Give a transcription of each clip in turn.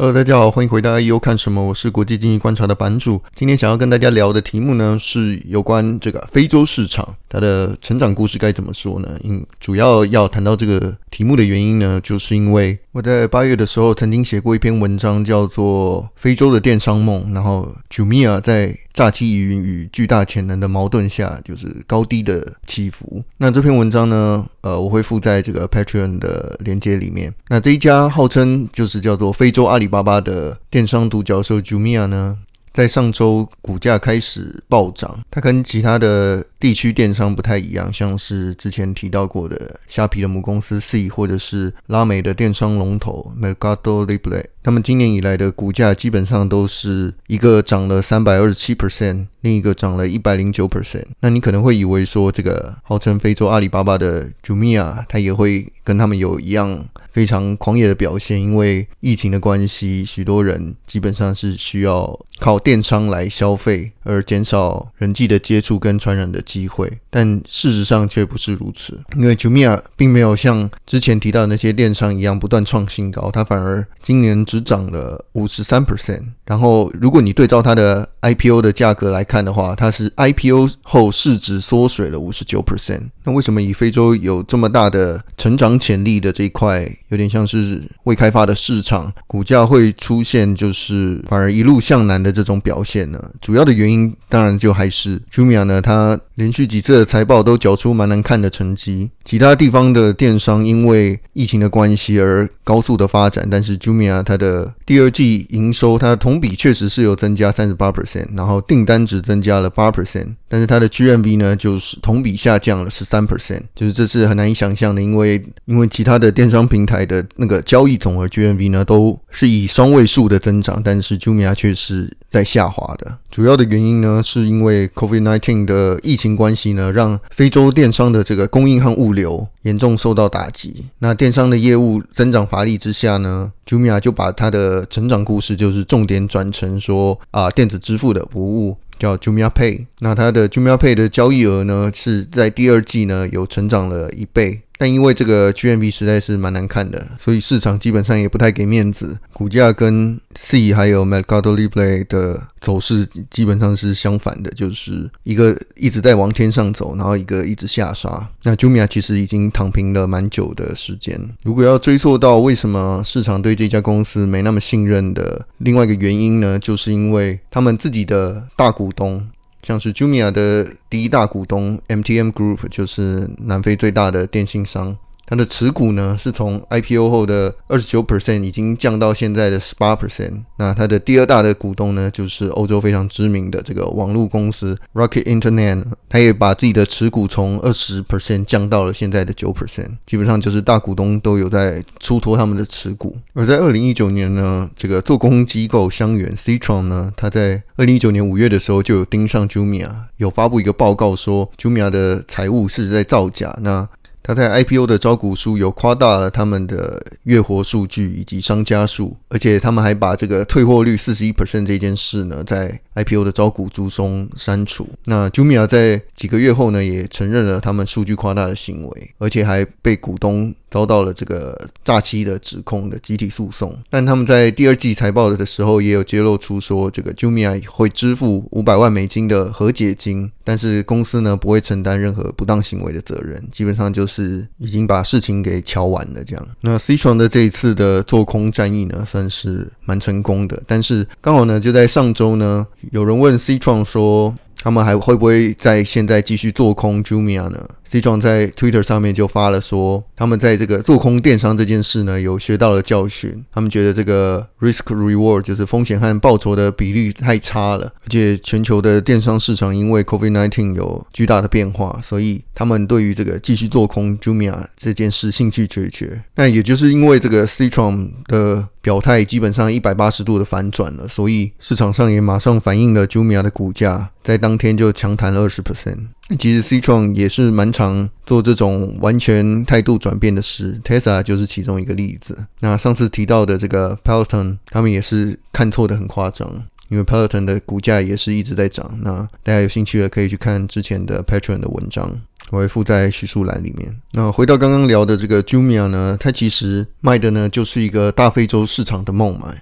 Hello，大家好，歡迎回到 IEO 看什麼？我是國際經濟觀察的版主。今天想要跟大家聊的題目呢，是有關這個非洲市場它的成長故事該怎麼說呢？因主要要談到這個題目的原因呢，就是因為我在八月的時候曾經寫過一篇文章，叫做《非洲的電商夢》，然後 Jumia 在詐欺疑雲與巨大潛能的矛盾下，就是高低的起伏。那這篇文章呢，呃，我會附在這個 Patreon 的鏈接裡面。那這一家號稱就是叫做非洲阿里巴巴的電商獨角獸 Jumia 呢，在上周股價開始暴漲，它跟其他的。地區電商不太一樣，像是之前提到過的蝦皮的母公司 Sea，或者是拉美的電商龍頭 Mercado Libre，他們今年以來的股價基本上都是一個漲了三百二十七 percent，另一個漲了一百零九 percent。那你可能會以為說這個號稱非洲阿里巴巴的 Jumia 他也會跟他們有一樣非常狂野的表現，因為疫情的關係，許多人基本上是需要靠電商來消費，而減少人際的接觸跟傳染的。機會，但事實上卻不是如此，因為 Jumia 並沒有像之前提到的那些電商一樣不斷創新高，它反而今年只漲了五十三 percent。然後，如果你對照它的 IPO 的價格來看的話，它是 IPO 後市值縮水了五十九 percent。那為什麼以非洲有這麼大的成長潛力的這一塊，有點像是未開發的市場，股價會出現就是反而一路向南的這種表現呢？主要的原因當然就還是 Jumia 呢，它。連續幾次的財報都繳出蠻難看的成績。其他地方的電商因為疫情的關係而高速的發展，但是 Jumia 它的第二季營收它同比確實是有增加三十八 percent，然後訂單只增加了八 percent，但是它的 GMV 呢就是同比下降了十三 percent，就是這次很難以想象的，因為因為其他的電商平台的那個交易總額 GMV 呢都是以雙位數的增長，但是 Jumia 卻是在下滑的。主要的原因呢是因為 Covid nineteen 的疫情關係呢，讓非洲電商的這個供應和物流。嚴重受到打擊。那電商的業務增長乏力之下呢，Jumia 就把他的成長故事就是重點轉成說啊、呃，電子支付的服務叫 Jumia Pay。那他的 Jumia Pay 的交易額呢是在第二季呢有成長了一倍。但因為這個 GMV 實在是蠻難看的，所以市場基本上也不太給面子。股價跟 Sea 還有 MercadoLibre 的走勢基本上是相反的，就是一個一直在往天上走，然後一個一直下殺。那 Jumia 其實已經躺平了蠻久的時間。如果要追溯到為什麼市場對這家公司沒那麼信任的另外一個原因呢，就是因為他們自己的大股東。像是 Jumia 的第一大股東 MTM Group，就是南非最大的電信商。他的持股呢，是從 IPO 後的二十九 percent 已經降到現在的十八 percent。那他的第二大的股東呢，就是歐洲非常知名的這個網絡公司 Rocket Internet，他也把自己的持股從二十 percent 降到了現在的九 percent。基本上就是大股東都有在出脫他們的持股。而在二零一九年呢，這個做空機構香櫞 Citron 呢，他在二零一九年五月的時候就有盯上 Jumia，有發布一個報告說 Jumia 的財務是在造假。那他在 IPO 的招股書有誇大了他們的月活數據以及商家數，而且他們還把這個退貨率41%這件事呢，在 IPO 的招股書中刪除。那 Jumia 在幾個月後呢，也承認了他們數據誇大的行為，而且還被股東，遭到了這個詐欺的指控的集體訴訟，但他們在第二季財報的時候也有揭露出說，這個 Jumia 會支付五百萬美金的和解金，但是公司呢不會承擔任何不當行為的責任，基本上就是已經把事情給敲完了這樣。那 C 創的這一次的做空戰役呢，算是蠻成功的，但是剛好呢就在上週呢，有人問 C 創說，他們還會不會在現在繼續做空 Jumia 呢？C n 在 Twitter 上面就發了說，他們在這個做空電商這件事呢，有學到了教訓。他們覺得這個 risk reward 就是風險和報酬的比例太差了，而且全球的電商市場因為 Covid-19 有巨大的變化，所以他們對於這個繼續做空 j u m i a 這件事興趣缺缺。那也就是因為這個 C n 的表態基本上一百八十度的反轉了，所以市場上也馬上反映了 j u m i a 的股價在當天就強彈二十 percent。其實，C 創也是蠻常做這種完全態度轉變的事，Tesla 就是其中一個例子。那上次提到的這個 p e l o t o n 他們也是看錯的很誇張。因為 Peloton 的股價也是一直在漲，那大家有興趣的可以去看之前的 Peloton 的文章，我會附在敘述欄裡面。那回到剛剛聊的這個 Jumia 呢，它其實賣的呢就是一個大非洲市場的夢嘛。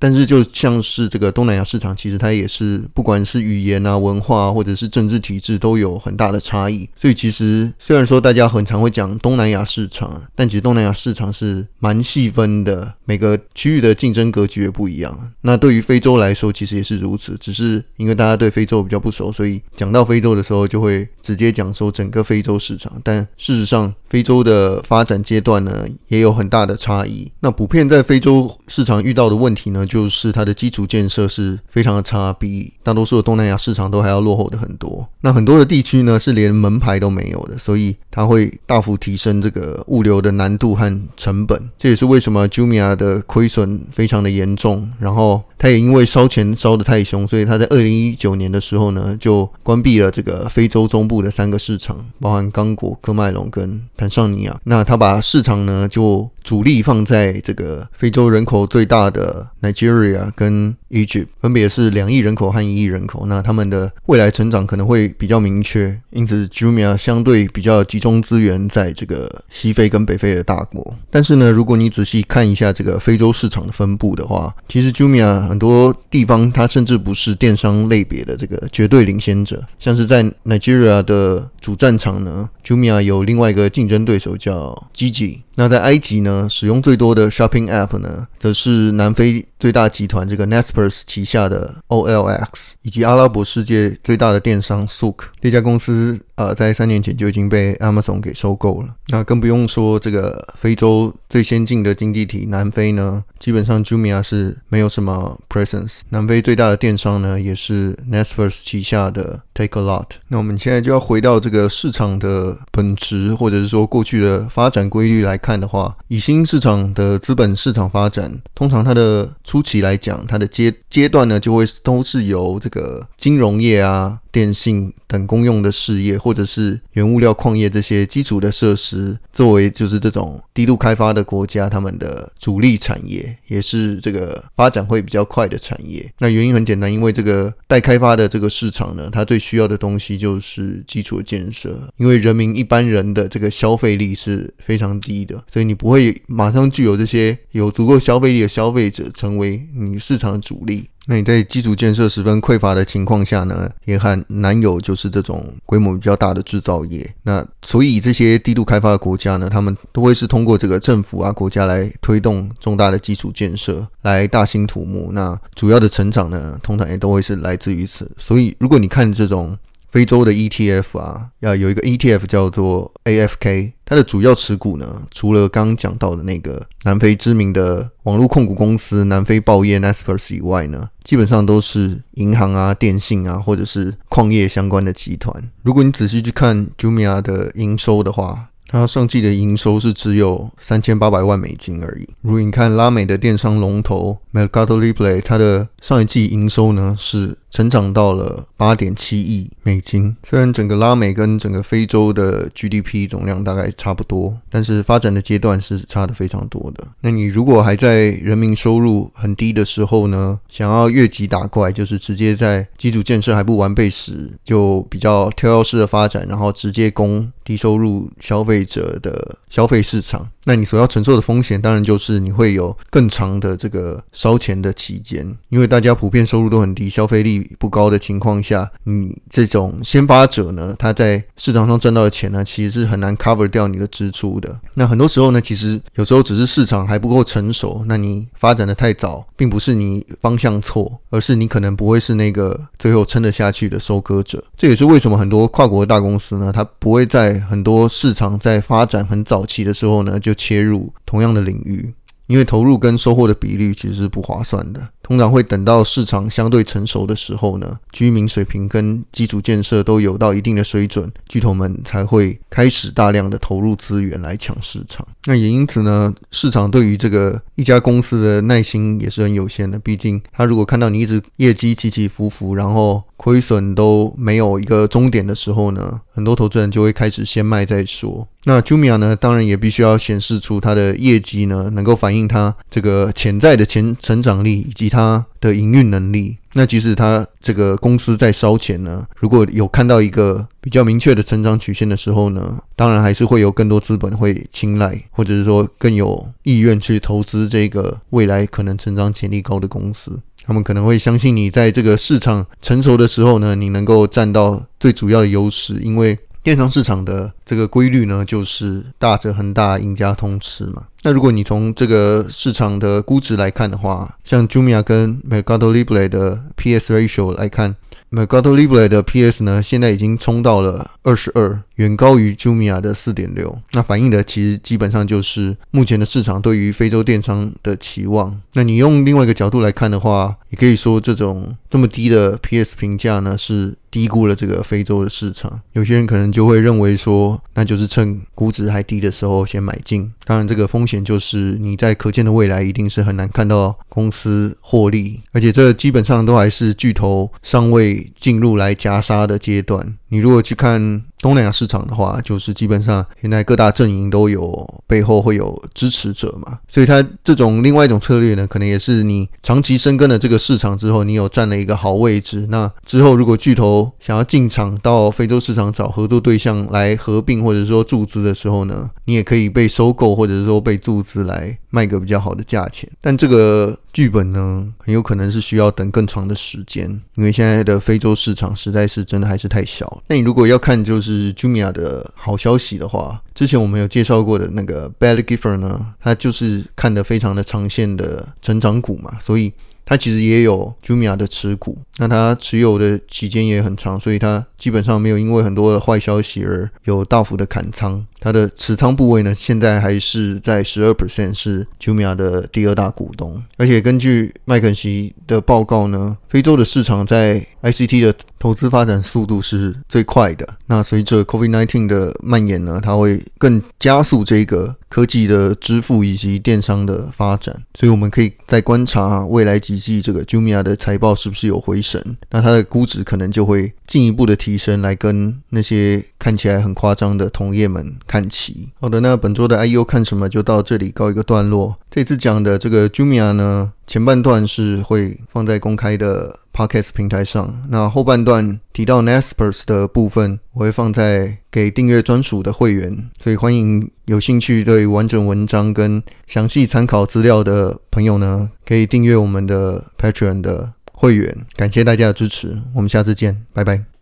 但是就像是這個東南亞市場，其實它也是不管是語言啊、文化、啊、或者是政治體制都有很大的差異。所以其實雖然說大家很常會講東南亞市場，但其實東南亞市場是蠻細分的，每個區域的競爭格局也不一樣。那對於非洲來說，其實也是如此，只是因為大家對非洲比較不熟，所以講到非洲的時候就會直接講說整個非洲市場。但事實上，非洲的發展階段呢也有很大的差異。那普遍在非洲市場遇到的問題呢，就是它的基礎建設是非常的差，比大多數的東南亞市場都還要落後的很多。那很多的地區呢是連門牌都沒有的，所以它會大幅提升這個物流的難度和成本。這也是為什麼 Jumia 的虧損非常的嚴重，然後它也因為燒錢。燒的太凶，所以他在二零一九年的時候呢，就關閉了這個非洲中部的三個市場，包含剛果、喀麥隆跟坦尚尼亞。那他把市場呢就。主力放在這個非洲人口最大的 Nigeria 跟 Egypt，分別是兩億人口和一億人口。那他們的未來成長可能會比較明確，因此 Jumia 相對比較集中資源在這個西非跟北非的大國。但是呢，如果你仔細看一下這個非洲市場的分布的話，其實 Jumia 很多地方它甚至不是電商類別的這個絕對領先者。像是在 Nigeria 的主戰場呢，Jumia 有另外一個競爭對手叫 Gigi，那在埃及呢，使用最多的 shopping app 呢，則是南非最大集團這個 Naspers 旗下的 OLX，以及阿拉伯世界最大的電商 Souq 這家公司。呃，在三年前就已經被 Amazon 給收購了。那更不用說這個非洲最先進的經濟體南非呢，基本上 Jumia 是沒有什麼 presence。南非最大的電商呢，也是 Naspers 旗下的 Takealot。那我們現在就要回到這個市場的本質，或者是說過去的發展規律來看的話，以新興市場的資本市場發展，通常它的初期來講，它的階階段呢，就會都是由這個金融業啊。電信等公用的事業，或者是原物料、礦業這些基礎的設施，作為就是這種低度開發的國家，他們的主力產業也是這個發展會比較快的產業。那原因很簡單，因為這個待開發的這個市場呢，它最需要的東西就是基礎的建設。因為人民一般人的這個消費力是非常低的，所以你不會馬上具有這些有足夠消費力的消費者成為你市場的主力。那你在基礎建設十分匱乏的情況下呢，也很難有就是這種規模比較大的製造業。那所以這些低度開發的國家呢，他們都會是通過這個政府啊、國家來推動重大的基礎建設，來大興土木。那主要的成長呢，通常也都會是來自於此。所以如果你看這種，非洲的 ETF 啊，要、啊、有一個 ETF 叫做 AFK，它的主要持股呢，除了剛剛講到的那個南非知名的網絡控股公司南非報業 Naspers 以外呢，基本上都是銀行啊、電信啊，或者是礦業相關的集團。如果你仔細去看 Jumia 的營收的話，它上季的營收是只有三千八百萬美金而已。如果你看拉美的電商龍頭 MercadoLibre，它的上一季營收呢是成長到了八點七億美金，雖然整個拉美跟整個非洲的 GDP 總量大概差不多，但是發展的階段是差的非常多的。那你如果還在人民收入很低的時候呢，想要越級打怪，就是直接在基礎建設還不完備時，就比較跳躍式的發展，然後直接攻低收入消費者的消費市場。那你所要承受的風險，當然就是你會有更長的這個燒錢的期間，因為大家普遍收入都很低，消費力不高的情況下，你這種先發者呢，他在市場上賺到的錢呢，其實是很難 cover 掉你的支出的。那很多時候呢，其實有時候只是市場還不夠成熟，那你發展的太早，並不是你方向錯，而是你可能不會是那個最後撐得下去的收割者。這也是為什麼很多跨國的大公司呢，它不會在很多市場在發展很早期的時候呢就切入同樣的領域，因為投入跟收穫的比率其實是不划算的。通常會等到市場相對成熟的時候呢，居民水平跟基礎建設都有到一定的水準，巨頭們才會開始大量的投入資源來搶市場。那也因此呢，市場對於這個一家公司的耐心也是很有限的。畢竟他如果看到你一直業績起起伏伏，然後虧損都沒有一個終點的時候呢，很多投資人就會開始先賣再說。那 Jumia 呢，當然也必須要顯示出他的業績呢，能夠反映他這個潛在的前成長力以及他。他的營運能力，那即使他這個公司在燒錢呢，如果有看到一個比較明確的成長曲線的時候呢，當然還是會有更多資本會青睞，或者是說更有意願去投資這個未來可能成長潛力高的公司，他們可能會相信你在這個市場成熟的時候呢，你能夠占到最主要的優勢，因為。電商市場的這個規律呢，就是大者恆大，贏家通吃嘛。那如果你從這個市場的估值來看的話，像 Jumia 跟 Mercado Libre 的 P/S ratio 來看，Mercado Libre 的 P/S 呢，現在已經衝到了。二十二遠高於 Jumia 的四點六，那反映的其實基本上就是目前的市場對於非洲電商的期望。那你用另外一個角度來看的話，也可以說這種這麼低的 PS 評價呢，是低估了這個非洲的市場。有些人可能就會認為說，那就是趁估值還低的時候先買進。當然，這個風險就是你在可見的未來一定是很難看到公司獲利，而且這基本上都還是巨頭尚未進入來夾殺的階段。你如果去看。東南亞市場的話，就是基本上現在各大陣營都有背後會有支持者嘛，所以它這種另外一種策略呢，可能也是你長期深耕了這個市場之後，你有佔了一個好位置。那之後如果巨頭想要進場到非洲市場找合作對象來合併，或者說注資的時候呢，你也可以被收購，或者是說被注資來賣個比較好的價錢。但這個劇本呢，很有可能是需要等更長的時間，因為現在的非洲市場實在是真的還是太小。那你如果要看就是。是 Jumia 的好消息的話，之前我們有介紹過的那個 Baillie Gifford 呢，他就是看得非常的長線的成長股嘛，所以他其實也有 Jumia 的持股，那他持有的期間也很長，所以他基本上沒有因為很多的壞消息而有大幅的砍倉，他的持倉部位呢，現在還是在十二 percent，是 Jumia 的第二大股東，而且根據麥肯錫的報告呢，非洲的市場在 ICT 的。投資發展速度是最快的。那隨着 COVID-19 的蔓延呢，它會更加速這個科技的支付以及電商的發展。所以，我們可以再觀察、啊、未來幾季，季這個 Jumia 的財報是不是有回神，那它的估值可能就會進一步的提升，來跟那些看起來很誇張的同業們看齊。好的，那本周的 IEO 看什麼就到這裡告一個段落。這次講的這個 Jumia 呢，前半段是會放在公開的。Podcast 平台上，那後半段提到 Naspers 的部分，我會放在給訂閱專屬的會員，所以歡迎有興趣對完整文章跟詳細參考資料的朋友呢，可以訂閱我們的 Patreon 的會員，感謝大家的支持，我們下次見，拜拜。